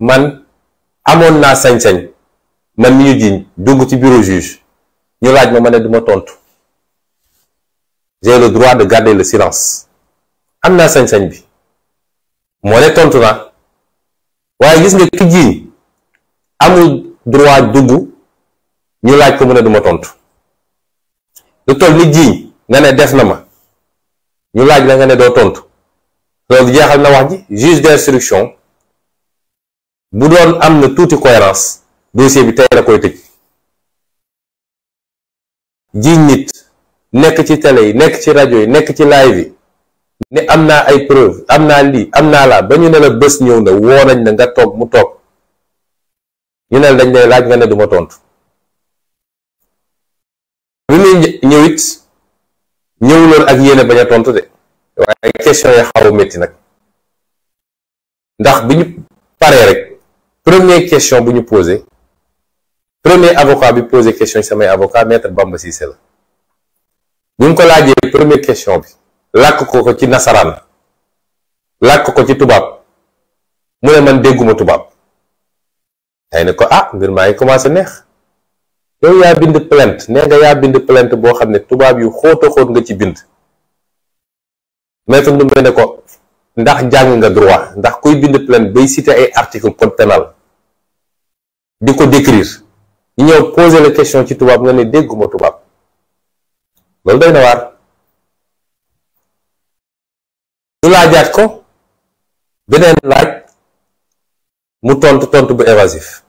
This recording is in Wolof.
man amon na sañ-sañ man mi ñu dugg ci bureau juge ñu laaj ma ma duma tontu j'ai le droit de garder le silence amna sañ-sañ bi mo ne tontu naa waaye gis nga ki jiiñ amul droit dugg ñu laaj ko mu duma tontu lu toll ni nga ne def na ma ñu laaj la nga ne do tontu loolu jeexal na wax ji juge d'instruction bu doon am na tuuti cohérence dossier bi tey la koy tëj jiñ nit nekk ci tele yi nekk ci rajo yi nekk ci live yi ne am naa ay preuve am naa lii am naa laa ba ñu ne la bés ñëw na woo nañ na nga toog mu toog ñu ne la dañ lay laaj nga ne duma tontu bi muy ñëw it ñëwuloon ak yéene bañ a tontu de waaye question yi xaw metti nag ndax bi ñu paree rek première question bu ñu posé premier avocat bi posé question samay avocat maître Bamba Cissé la ñu ngi ko laajee première question bi làkk ko ko ci nasaraan làkk ko ci tubaab mu ne man dégguma tubaab xëy ne ko ah mbir maa ngi commencé neex yow yaa bind plainte nee nga yaa bind plainte boo xam ne tubaab yu xóota xóot nga ci bind maître Ndoumbe ne ko ndax jàng nga droit ndax kuy bind plainte bay cité ay article code di ko décrire ñu ñëw poser la question ci tubaab nga ne dégguma tubaab loolu doy na waar ñu laajaat ko beneen laaj mu tontu tontu bu invasif